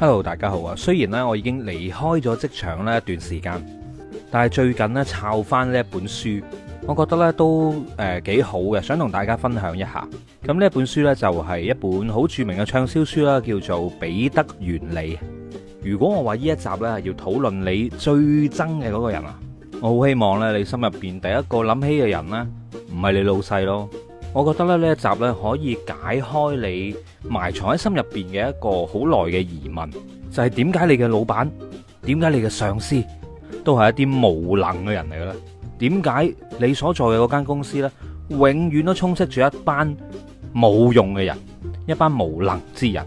hello，大家好啊！雖然咧我已經離開咗職場呢一段時間，但係最近呢，炒返呢一本書，我覺得呢都誒幾好嘅，想同大家分享一下。咁呢本書呢，就係一本好著名嘅暢銷書啦，叫做《彼得原理》。如果我話呢一集咧要討論你最憎嘅嗰個人啊，我好希望呢，你心入邊第一個諗起嘅人呢，唔係你老細咯。我覺得咧呢一集呢，可以解開你埋藏喺心入邊嘅一個好耐嘅疑問，就是為什麼的，就係點解你嘅老闆，點解你嘅上司都係一啲無能嘅人嚟嘅咧？點解你所在嘅嗰間公司呢，永遠都充斥住一班冇用嘅人，一班無能之人？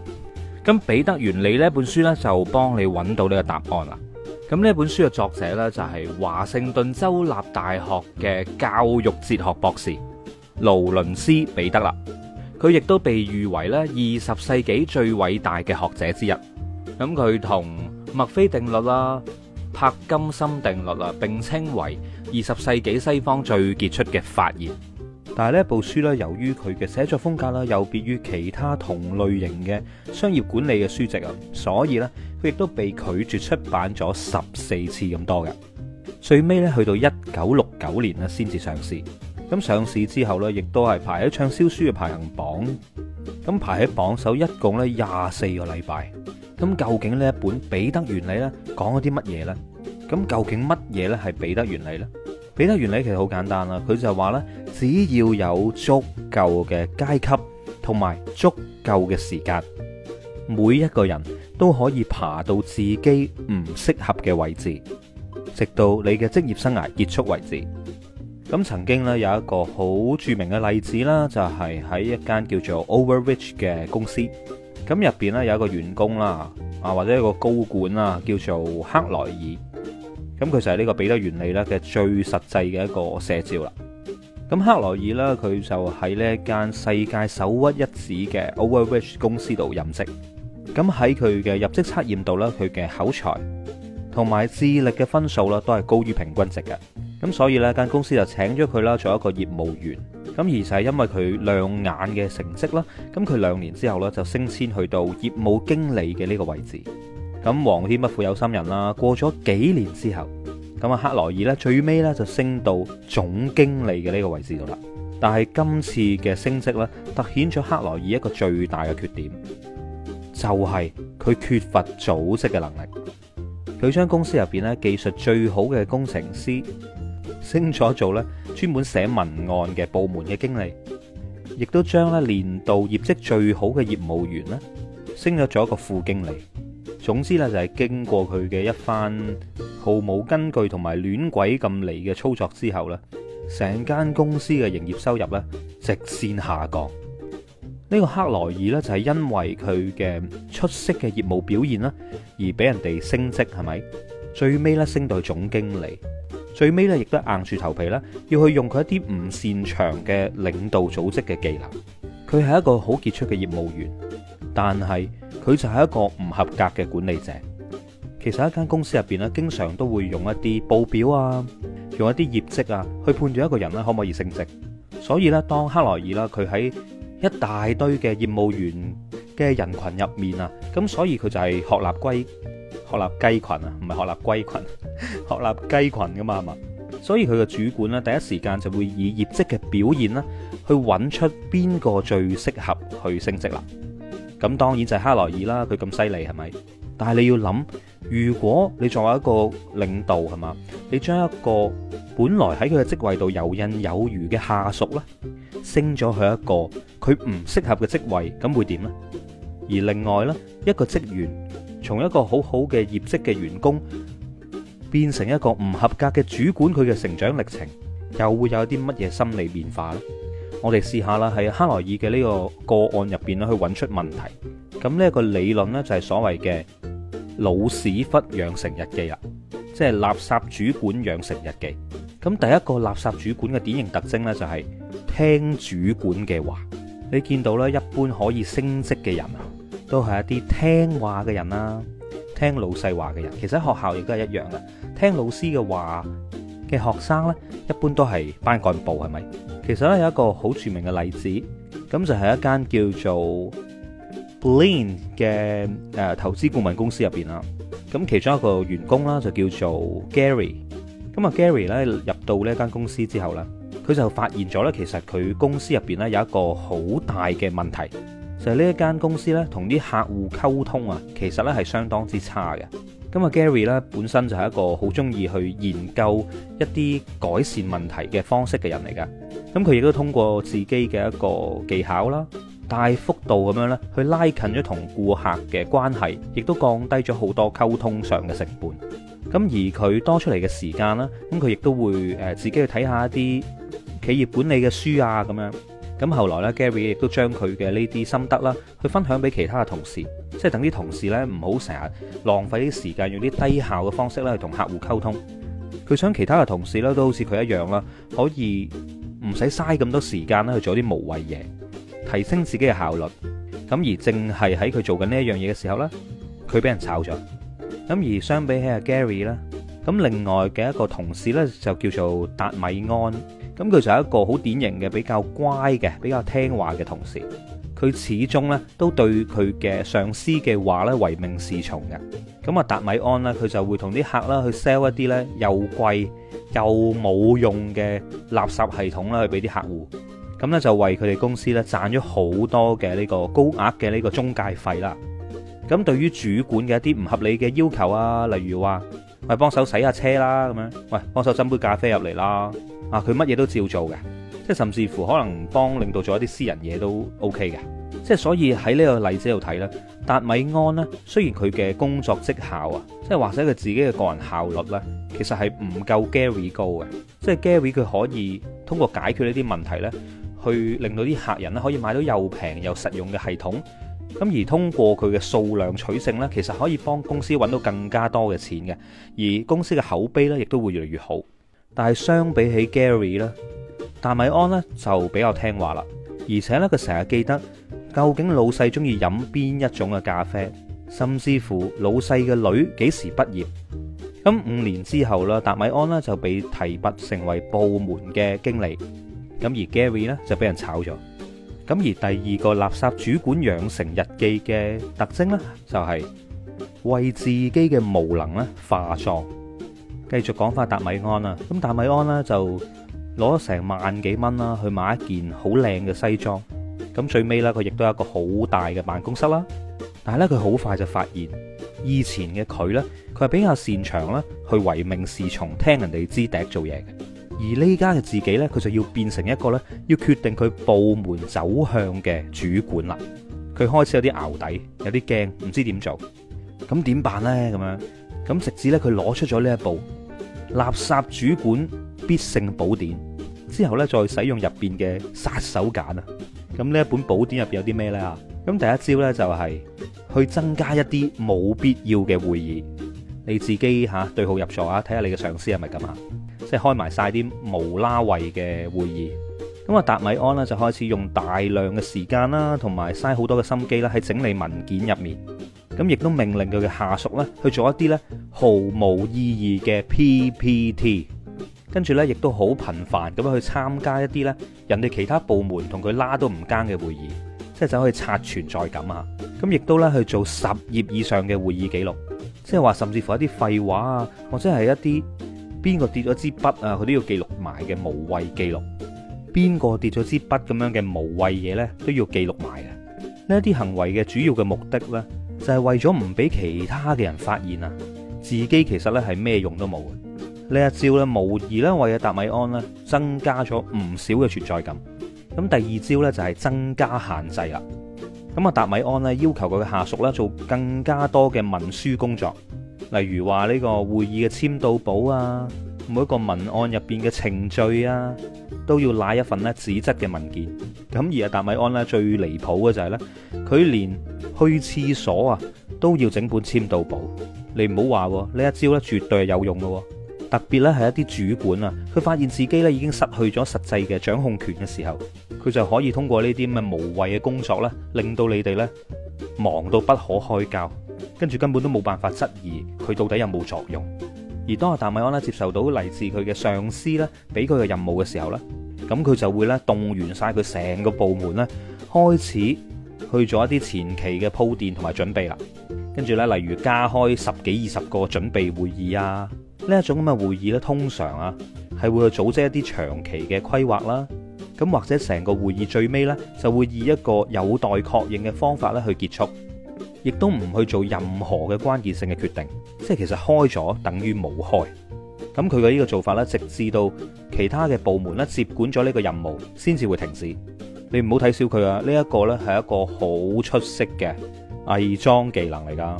咁《彼得原理》呢本書呢，就幫你揾到呢個答案啦。咁呢本書嘅作者呢，就係華盛頓州立大學嘅教育哲學博士勞倫斯彼得啦，佢亦都被譽為咧二十世紀最偉大嘅學者之一。咁佢同墨菲定律啦、柏金森定律啦，並稱為二十世紀西方最傑出嘅發現。但係呢部書咧，由於佢嘅寫作風格啦，有別於其他同類型嘅商業管理嘅書籍啊，所以呢，佢亦都被拒絕出版咗十四次咁多嘅。最尾咧去到一九六九年咧，先至上市。咁上市之後咧，亦都係排喺暢銷書嘅排行榜，咁排喺榜首一共咧廿四個禮拜。咁究竟呢一本彼得原理咧講咗啲乜嘢咧？咁究竟乜嘢咧係彼得原理咧？彼得原理其實好簡單啦，佢就話咧，只要有足夠嘅階級同埋足夠嘅時間，每一個人都可以爬到自己唔適合嘅位置，直到你嘅職業生涯結束為止。咁曾經咧有一個好著名嘅例子啦，就係、是、喺一間叫做 Overreach 嘅公司，咁入面咧有一個員工啦，啊或者一個高管啦，叫做克萊爾，咁佢就係呢個彼得原理咧嘅最實際嘅一個寫照啦。咁克萊爾呢，佢就喺呢一間世界首屈一指嘅 Overreach 公司度任職，咁喺佢嘅入職測驗度呢，佢嘅口才同埋智力嘅分數呢都係高於平均值嘅。咁所以呢間公司就請咗佢啦，做一個業務員。咁而就係因為佢亮眼嘅成績啦，咁佢兩年之後呢，就升遷去到業務經理嘅呢個位置。咁皇天不負有心人啦，過咗幾年之後，咁啊克萊爾呢，最尾呢，就升到總經理嘅呢個位置度啦。但係今次嘅升職呢，凸顯咗克萊爾一個最大嘅缺點，就係、是、佢缺乏組織嘅能力。佢將公司入邊呢，技術最好嘅工程師，升咗做咧，專門寫文案嘅部門嘅經理，亦都將咧年度業績最好嘅業務員咧升咗做一個副經理。總之咧，就係經過佢嘅一番毫無根據同埋亂鬼咁嚟嘅操作之後咧，成間公司嘅營業收入咧直線下降。呢、這個克萊爾咧就係因為佢嘅出色嘅業務表現啦，而俾人哋升職係咪？最尾咧升到去總經理。最尾咧，亦都硬住頭皮啦，要去用佢一啲唔擅長嘅領導組織嘅技能。佢係一個好傑出嘅業務員，但係佢就係一個唔合格嘅管理者。其實一間公司入邊咧，經常都會用一啲報表啊，用一啲業績啊，去判斷一個人咧可唔可以升職。所以咧，當克萊爾啦，佢喺一大堆嘅業務員嘅人群入面啊，咁所以佢就係鶴立雞群。鶴立雞群啊，唔係鶴立龜群，鶴立雞群噶嘛，係嘛？所以佢嘅主管咧，第一時間就會以業績嘅表現咧，去揾出邊個最適合去升職啦。咁當然就係哈萊爾啦，佢咁犀利係咪？但係你要諗，如果你作為一個領導係嘛，你將一個本來喺佢嘅職位度游刃有餘嘅下屬咧，升咗去一個佢唔適合嘅職位，咁會點呢？而另外呢，一個職員。從一個好好嘅業績嘅員工，變成一個唔合格嘅主管，佢嘅成長歷程又會有啲乜嘢心理變化呢？我哋試下啦，喺克羅爾嘅呢個個案入邊咧，去揾出問題。咁、這、呢個理論呢，就係所謂嘅老屎忽養成日記啦，即係垃圾主管養成日記。咁第一個垃圾主管嘅典型特徵呢，就係聽主管嘅話。你見到呢，一般可以升職嘅人啊。都係一啲聽話嘅人啦，聽老細話嘅人，其實學校亦都係一樣嘅，聽老師嘅話嘅學生呢，一般都係班幹部，係咪？其實呢，有一個好著名嘅例子，咁就係一間叫做 Blaine 嘅誒投資顧問公司入邊啦。咁其中一個員工啦就叫做 Gary。咁啊 Gary 呢入到呢間公司之後呢，佢就發現咗呢，其實佢公司入邊呢有一個好大嘅問題。就係呢一間公司呢，同啲客戶溝通啊，其實呢係相當之差嘅。咁啊 Gary 呢，本身就係一個好中意去研究一啲改善問題嘅方式嘅人嚟㗎。咁佢亦都通過自己嘅一個技巧啦，大幅度咁樣呢去拉近咗同顧客嘅關係，亦都降低咗好多溝通上嘅成本。咁而佢多出嚟嘅時間啦，咁佢亦都會誒自己去睇下一啲企業管理嘅書啊咁樣。咁後來咧，Gary 亦都將佢嘅呢啲心得啦，去分享俾其他嘅同事，即係等啲同事咧唔好成日浪費啲時間用啲低效嘅方式咧去同客戶溝通。佢想其他嘅同事咧都好似佢一樣啦，可以唔使嘥咁多時間咧去做啲無謂嘢，提升自己嘅效率。咁而淨係喺佢做緊呢一樣嘢嘅時候啦，佢俾人炒咗。咁而相比起阿 Gary 啦，咁另外嘅一個同事咧就叫做達米安。咁佢就係一個好典型嘅比較乖嘅，比較聽話嘅同事，佢始終咧都對佢嘅上司嘅話咧唯命是從嘅。咁啊達米安呢，佢就會同啲客啦去 sell 一啲咧又貴又冇用嘅垃圾系統啦，去俾啲客戶。咁呢，就為佢哋公司咧賺咗好多嘅呢個高額嘅呢個中介費啦。咁對於主管嘅一啲唔合理嘅要求啊，例如話，喂，幫手洗下車啦，咁樣，喂，幫手斟杯咖啡入嚟啦。啊！佢乜嘢都照做嘅，即係甚至乎可能幫領導做一啲私人嘢都 OK 嘅，即係所以喺呢個例子度睇呢，達米安呢，雖然佢嘅工作績效啊，即係或者佢自己嘅個人效率呢，其實係唔夠 Gary 高嘅，即係 Gary 佢可以通過解決呢啲問題呢，去令到啲客人呢可以買到又平又實用嘅系統，咁而通過佢嘅數量取勝呢，其實可以幫公司揾到更加多嘅錢嘅，而公司嘅口碑呢，亦都會越嚟越好。但係相比起 Gary 啦，達米安咧，就比較聽話啦，而且咧，佢成日記得究竟老細中意飲邊一種嘅咖啡，甚至乎老細嘅女幾時畢業。咁五年之後啦，達米安咧，就被提拔成為部門嘅經理。咁而 Gary 咧，就俾人炒咗。咁而第二個垃圾主管養成日記嘅特徵咧，就係為自己嘅無能咧化妝。繼續講翻達米安啦，咁達米安呢，就攞咗成萬幾蚊啦去買一件好靚嘅西裝，咁最尾呢，佢亦都有一個好大嘅辦公室啦，但係呢，佢好快就發現以前嘅佢呢，佢係比較擅長呢，去唯命是從，聽人哋支笛做嘢嘅，而呢家嘅自己呢，佢就要變成一個呢，要決定佢部門走向嘅主管啦，佢開始有啲淆底，有啲驚，唔知點做，咁點辦呢？咁樣，咁直至呢，佢攞出咗呢一步。垃圾主管必勝寶典，之後呢，再使用入邊嘅殺手鐧啊！咁呢一本寶典入邊有啲咩呢？咁第一招呢，就係去增加一啲冇必要嘅會議，你自己吓、啊、對號入座啊，睇下你嘅上司係咪咁啊，即係開埋晒啲無啦位嘅會議。咁阿達米安呢，就開始用大量嘅時間啦，同埋嘥好多嘅心機啦，喺整理文件入面。咁亦都命令佢嘅下屬咧去做一啲咧毫無意義嘅 PPT，跟住咧亦都好頻繁咁樣去參加一啲咧人哋其他部門同佢拉都唔奸嘅會議，即係走去刷存在感啊。咁亦都咧去做十頁以上嘅會議記錄，即係話甚至乎一啲廢話啊，或者係一啲邊個跌咗支筆啊，佢都要記錄埋嘅無謂記錄，邊個跌咗支筆咁樣嘅無謂嘢咧都要記錄埋嘅。呢一啲行為嘅主要嘅目的咧，就係為咗唔俾其他嘅人發現啊，自己其實咧係咩用都冇嘅。呢一招咧，無疑咧為阿達米安咧增加咗唔少嘅存在感。咁第二招咧就係增加限制啦。咁啊，達米安咧要求佢嘅下屬咧做更加多嘅文書工作，例如話呢個會議嘅簽到簿啊。每一個文案入邊嘅程序啊，都要拉一份咧紙質嘅文件。咁而阿達米安咧最離譜嘅就係呢，佢連去廁所啊都要整本簽到簿。你唔好話呢一招咧，絕對係有用嘅。特別咧係一啲主管啊，佢發現自己咧已經失去咗實際嘅掌控權嘅時候，佢就可以通過呢啲咁嘅無謂嘅工作咧令到你哋咧忙到不可開交，跟住根本都冇辦法質疑佢到底有冇作用。而當阿達米安咧接受到嚟自佢嘅上司咧，俾佢嘅任務嘅時候咧，咁佢就會咧動員晒佢成個部門咧，開始去做一啲前期嘅鋪墊同埋準備啦。跟住咧，例如加開十幾二十個準備會議啊，呢一種咁嘅會議咧，通常啊係會去組織一啲長期嘅規劃啦。咁或者成個會議最尾咧，就會以一個有待確認嘅方法咧去結束。亦都唔去做任何嘅關鍵性嘅決定，即係其實開咗等於冇開。咁佢嘅呢個做法咧，直至到其他嘅部門咧接管咗呢個任務，先至會停止。你唔好睇小佢啊！呢、這個、一個咧係一個好出色嘅偽裝技能嚟噶。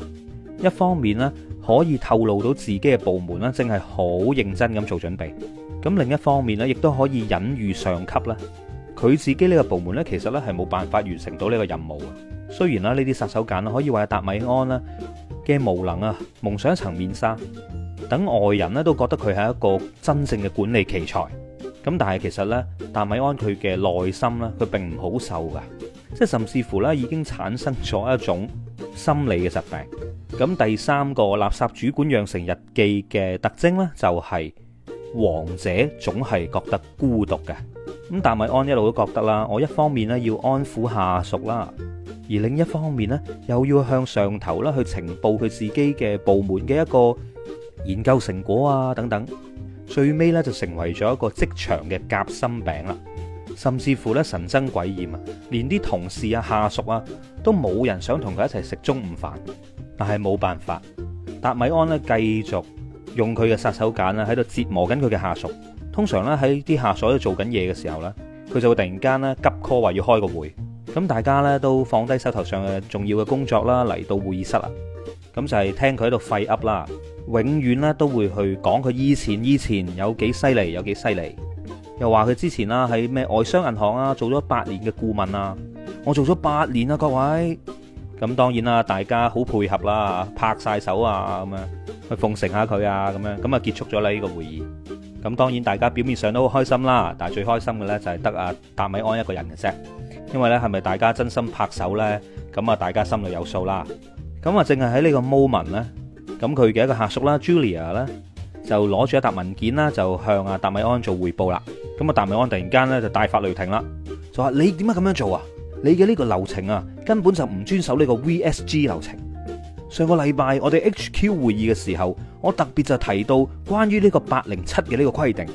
一方面咧可以透露到自己嘅部門咧正係好認真咁做準備。咁另一方面咧亦都可以隱喻上級啦。佢自己呢個部門咧其實咧係冇辦法完成到呢個任務。雖然啦，呢啲殺手鐧可以話阿達米安啦嘅無能啊，蒙上一層面紗，等外人呢都覺得佢係一個真正嘅管理奇才。咁但係其實呢，達米安佢嘅內心呢，佢並唔好受㗎，即係甚至乎呢已經產生咗一種心理嘅疾病。咁第三個垃圾主管養成日記嘅特徵呢，就係王者總係覺得孤獨嘅。咁達米安一路都覺得啦，我一方面呢要安撫下屬啦。而另一方面咧，又要向上頭啦去呈報佢自己嘅部門嘅一個研究成果啊等等，最尾咧就成為咗一個職場嘅夾心餅啦，甚至乎咧神憎鬼厭啊，連啲同事啊下屬啊都冇人想同佢一齊食中午飯，但係冇辦法，達米安咧繼續用佢嘅殺手鐧啦喺度折磨緊佢嘅下屬。通常咧喺啲下屬喺度做緊嘢嘅時候咧，佢就會突然間咧急 call 話要開個會。咁大家呢都放低手頭上嘅重要嘅工作啦，嚟到會議室啦。咁就係聽佢喺度廢噏啦。永遠呢都會去講佢以前以前有幾犀利，有幾犀利。又話佢之前啦喺咩外商銀行啊做咗八年嘅顧問啊。我做咗八年啊，各位。咁當然啦，大家好配合啦，拍晒手啊，咁樣去奉承下佢啊，咁樣。咁啊結束咗你呢個會議。咁當然大家表面上都好開心啦，但係最開心嘅呢就係得啊，達米安一個人嘅啫。因為咧係咪大家真心拍手咧？咁啊大家心裏有數啦。咁啊淨係喺呢個 moment 咧，咁佢嘅一個下屬啦 Julia 咧就攞住一沓文件啦，就向阿達米安做匯報啦。咁啊達米安突然間咧就大發雷霆啦，就話你點解咁樣做啊？你嘅呢個流程啊根本就唔遵守呢個 VSG 流程。上個禮拜我哋 HQ 會議嘅時候，我特別就提到關於呢個八零七嘅呢個規定。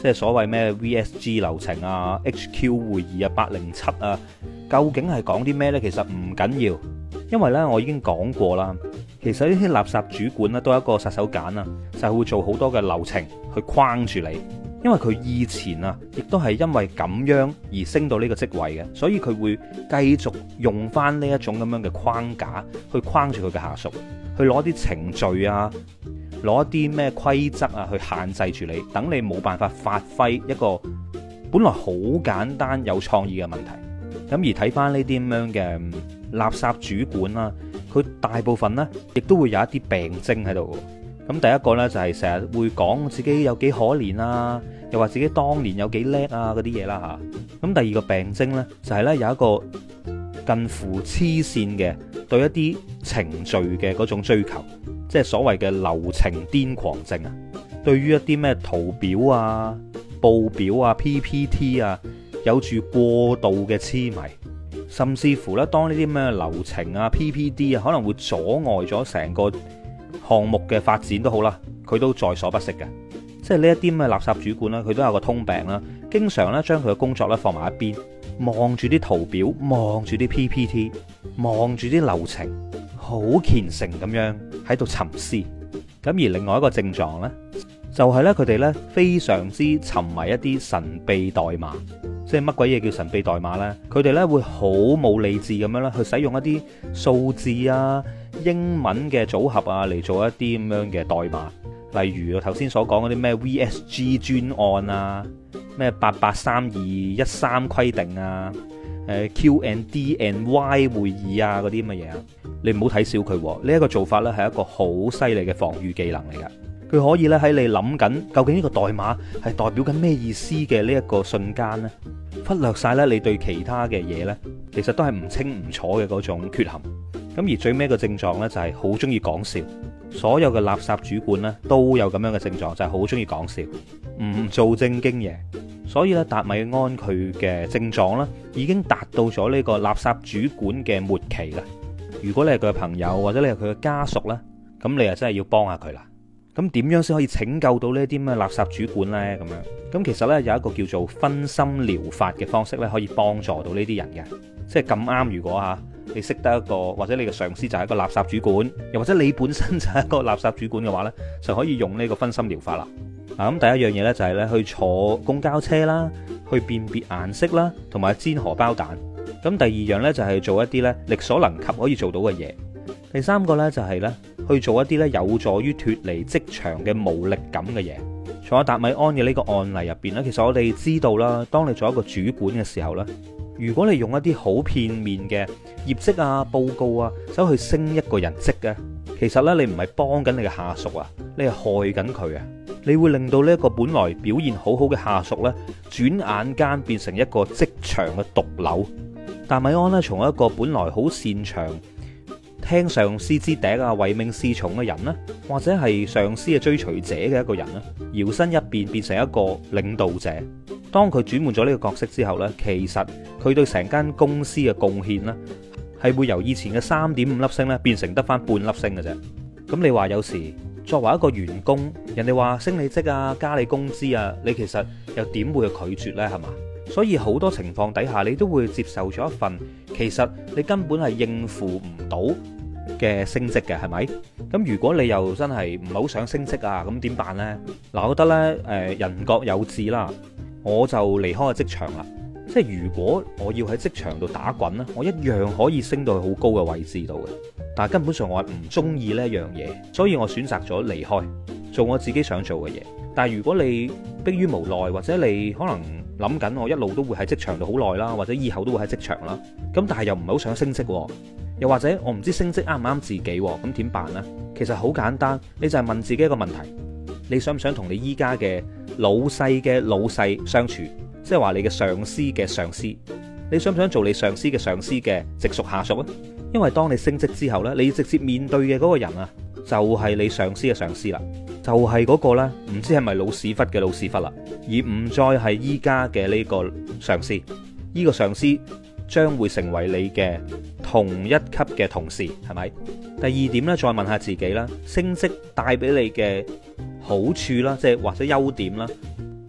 即係所謂咩 VSG 流程啊、HQ 會議啊、八零七啊，究竟係講啲咩呢？其實唔緊要，因為呢，我已經講過啦。其實呢啲垃圾主管呢，都一個殺手鐧啊，就係會做好多嘅流程去框住你，因為佢以前啊，亦都係因為咁樣而升到呢個職位嘅，所以佢會繼續用翻呢一種咁樣嘅框架去框住佢嘅下屬，去攞啲程序啊。攞一啲咩規則啊，去限制住你，等你冇辦法發揮一個本來好簡單有創意嘅問題。咁而睇翻呢啲咁樣嘅垃圾主管啦，佢大部分呢亦都會有一啲病徵喺度。咁第一個呢，就係成日會講自己有幾可憐啊，又話自己當年有幾叻啊嗰啲嘢啦嚇。咁第二個病徵呢，就係呢有一個近乎黐線嘅對一啲程序嘅嗰種追求，即係所謂嘅流程癲狂症啊！對於一啲咩圖表啊、報表啊、PPT 啊，有住過度嘅癡迷，甚至乎咧，當呢啲咩流程啊、PPD 啊，可能會阻礙咗成個項目嘅發展都好啦，佢都在所不惜嘅。即係呢一啲咩垃圾主管咧，佢都有個通病啦，經常咧將佢嘅工作咧放埋一邊，望住啲圖表，望住啲 PPT，望住啲流程，好虔誠咁樣喺度沉思。咁而另外一個症狀呢，就係呢，佢哋呢非常之沉迷一啲神秘代碼。即係乜鬼嘢叫神秘代碼呢？佢哋呢會好冇理智咁樣去使用一啲數字啊、英文嘅組合啊嚟做一啲咁樣嘅代碼。例如頭先所講嗰啲咩 VSG 專案啊。咩八八三二一三規定啊，誒 Q and D and Y 會議啊嗰啲乜嘢啊，你唔好睇小佢，呢一個做法呢，係一個好犀利嘅防禦技能嚟㗎，佢可以呢，喺你諗緊究竟呢個代碼係代表緊咩意思嘅呢一個瞬間呢，忽略晒呢你對其他嘅嘢呢，其實都係唔清唔楚嘅嗰種缺陷，咁而最尾個症狀呢，就係好中意講笑。所有嘅垃圾主管呢，都有咁樣嘅症狀，就係好中意講笑，唔做正經嘢。所以咧，達米安佢嘅症狀呢，已經達到咗呢個垃圾主管嘅末期啦。如果你係佢嘅朋友或者你係佢嘅家屬呢，咁你啊真係要幫下佢啦。咁點樣先可以拯救到呢啲咁嘅垃圾主管呢？咁樣咁其實呢，有一個叫做分心療法嘅方式呢，可以幫助到呢啲人嘅，即係咁啱。如果吓。你識得一個，或者你嘅上司就係一個垃圾主管，又或者你本身就係一個垃圾主管嘅話呢，就可以用呢個分心療法啦。咁第一樣嘢呢，就係呢去坐公交車啦，去辨別顏色啦，同埋煎荷包蛋。咁第二樣呢，就係做一啲呢力所能及可以做到嘅嘢。第三個呢，就係呢去做一啲呢有助於脫離職場嘅無力感嘅嘢。坐喺達米安嘅呢個案例入面，其實我哋知道啦，當你做一個主管嘅時候呢。如果你用一啲好片面嘅業績啊報告啊，走去升一個人職啊，其實呢，你唔係幫緊你嘅下屬啊，你係害緊佢啊！你會令到呢一個本來表現好好嘅下屬呢，轉眼間變成一個職場嘅毒瘤。但米安呢，從一個本來好擅長。聽上司之笛啊，唯命是從嘅人呢，或者係上司嘅追隨者嘅一個人呢，搖身一變，變成一個領導者。當佢轉換咗呢個角色之後呢，其實佢對成間公司嘅貢獻呢，係會由以前嘅三點五粒星咧，變成得翻半粒星嘅啫。咁你話有時作為一個員工，人哋話升你職啊，加你工資啊，你其實又點會去拒絕呢？係嘛？所以好多情況底下，你都會接受咗一份，其實你根本係應付唔到。嘅升職嘅係咪？咁如果你又真係唔係好想升職啊，咁點辦呢？嗱，我覺得呢，誒，人各有志啦，我就離開個職場啦。即係如果我要喺職場度打滾咧，我一樣可以升到去好高嘅位置度嘅。但係根本上我係唔中意呢樣嘢，所以我選擇咗離開，做我自己想做嘅嘢。但係如果你逼於無奈，或者你可能諗緊我一路都會喺職場度好耐啦，或者以後都會喺職場啦，咁但係又唔係好想升職。又或者我唔知升職啱唔啱自己，咁點辦呢？其實好簡單，你就係問自己一個問題：你想唔想同你依家嘅老細嘅老細相處？即係話你嘅上司嘅上司，你想唔想做你上司嘅上司嘅直屬下屬啊？因為當你升職之後呢，你直接面對嘅嗰個人啊，就係你上司嘅上司啦，就係、是、嗰個咧，唔知係咪老屎忽嘅老屎忽啦，而唔再係依家嘅呢個上司，依、呢個上司。將會成為你嘅同一級嘅同事，係咪？第二點咧，再問下自己啦，升職帶俾你嘅好處啦，即係或者優點啦，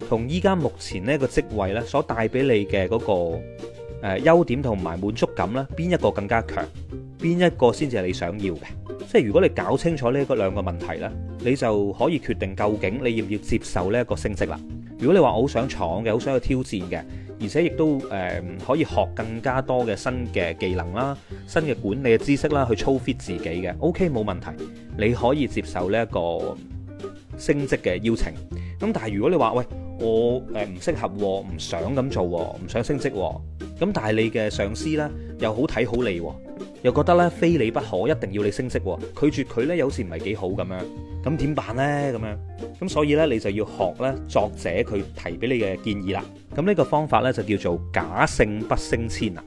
同依家目前呢個職位呢，所帶俾你嘅嗰個誒優點同埋滿足感呢，邊一個更加強？邊一個先至係你想要嘅？即係如果你搞清楚呢個兩個問題咧，你就可以決定究竟你要唔要接受呢一個升職啦。如果你話我好想闖嘅，好想去挑戰嘅，而且亦都誒可以學更加多嘅新嘅技能啦、新嘅管理嘅知識啦，去操 fit 自己嘅，OK，冇問題，你可以接受呢一個升職嘅邀請。咁但係如果你話喂，我誒唔適合，唔想咁做，唔想升職，咁但係你嘅上司呢，又好睇好你，又覺得呢非你不可，一定要你升職，拒絕佢呢，有時唔係幾好咁樣，咁點辦呢？咁樣。咁所以呢，你就要學呢作者佢提俾你嘅建議啦，咁、這、呢個方法呢，就叫做假性不升遷啦，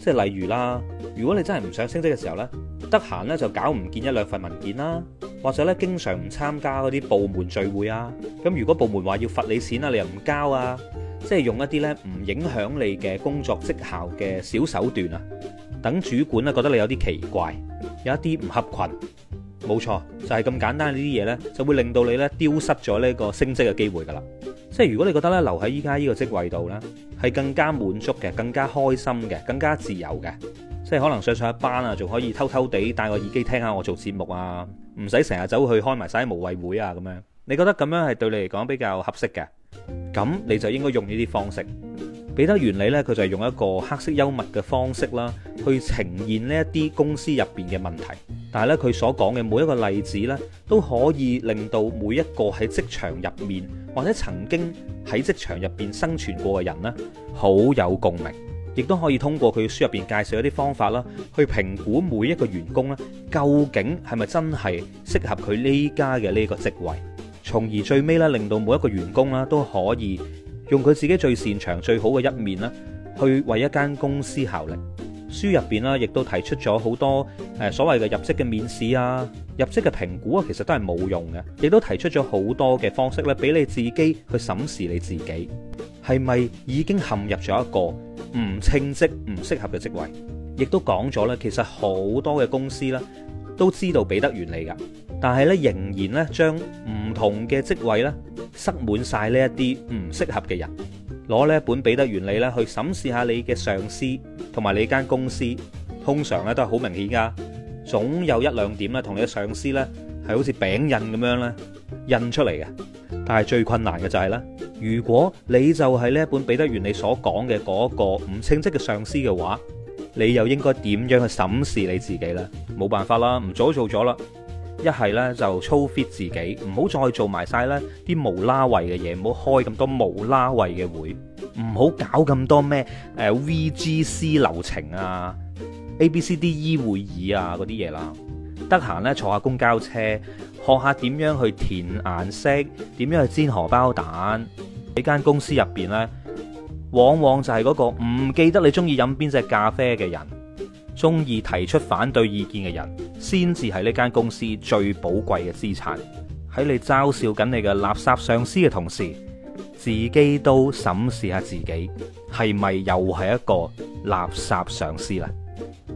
即係例如啦，如果你真係唔想升職嘅時候呢，得閒呢，就搞唔見一兩份文件啦。或者咧，經常唔參加嗰啲部門聚會啊。咁如果部門話要罰你錢啊，你又唔交啊，即係用一啲咧唔影響你嘅工作績效嘅小手段啊，等主管啊覺得你有啲奇怪，有一啲唔合群。冇錯，就係咁簡單。呢啲嘢呢，就會令到你呢，丟失咗呢個升職嘅機會噶啦。即係如果你覺得呢，留喺依家呢個職位度呢，係更加滿足嘅，更加開心嘅，更加自由嘅，即係可能上上一班啊，仲可以偷偷地戴個耳機聽下我做節目啊。唔使成日走去開埋晒無謂會啊！咁樣你覺得咁樣係對你嚟講比較合適嘅，咁你就應該用呢啲方式。彼得原理呢，佢就係用一個黑色幽默嘅方式啦，去呈現呢一啲公司入邊嘅問題。但係呢，佢所講嘅每一個例子呢，都可以令到每一個喺職場入面或者曾經喺職場入邊生存過嘅人呢，好有共鳴。亦都可以通過佢書入面介紹一啲方法啦，去評估每一個員工咧，究竟係咪真係適合佢呢家嘅呢個職位，從而最尾咧，令到每一個員工都可以用佢自己最擅長、最好嘅一面啦，去為一間公司效力。書入面啦，亦都提出咗好多誒所謂嘅入職嘅面試啊、入職嘅評估啊，其實都係冇用嘅。亦都提出咗好多嘅方式咧，俾你自己去審視你自己。係咪已經陷入咗一個唔稱職、唔適合嘅職位？亦都講咗咧，其實好多嘅公司咧都知道彼得原理噶，但係咧仍然咧將唔同嘅職位咧塞滿晒呢一啲唔適合嘅人。攞呢一本彼得原理咧去審視下你嘅上司同埋你間公司，通常咧都係好明顯噶，總有一兩點咧同你嘅上司咧係好似餅印咁樣咧印出嚟嘅。但係最困難嘅就係、是、咧，如果你就係呢一本彼得原理所講嘅嗰個唔稱職嘅上司嘅話，你又應該點樣去審視你自己呢？冇辦法啦，唔早做咗啦。一係呢，就操 fit 自己，唔好再做埋晒呢啲無啦喂嘅嘢，唔好開咁多無啦喂嘅會，唔好搞咁多咩誒 VGC 流程啊，ABCDE 會議啊嗰啲嘢啦。得閒呢，坐下公交車。學下點樣去填顏色，點樣去煎荷包蛋。呢間公司入邊呢，往往就係嗰個唔記得你中意飲邊隻咖啡嘅人，中意提出反對意見嘅人，先至係呢間公司最寶貴嘅資產。喺你嘲笑緊你嘅垃圾上司嘅同時，自己都審視下自己，係咪又係一個垃圾上司啦？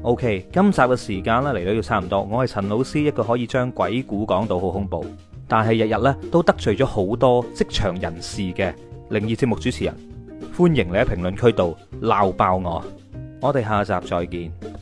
O、okay, K，今集嘅時間呢嚟到要差唔多，我係陳老師，一個可以將鬼故講到好恐怖，但係日日都得罪咗好多職場人士嘅靈異節目主持人，歡迎你喺評論區度鬧爆我，我哋下集再見。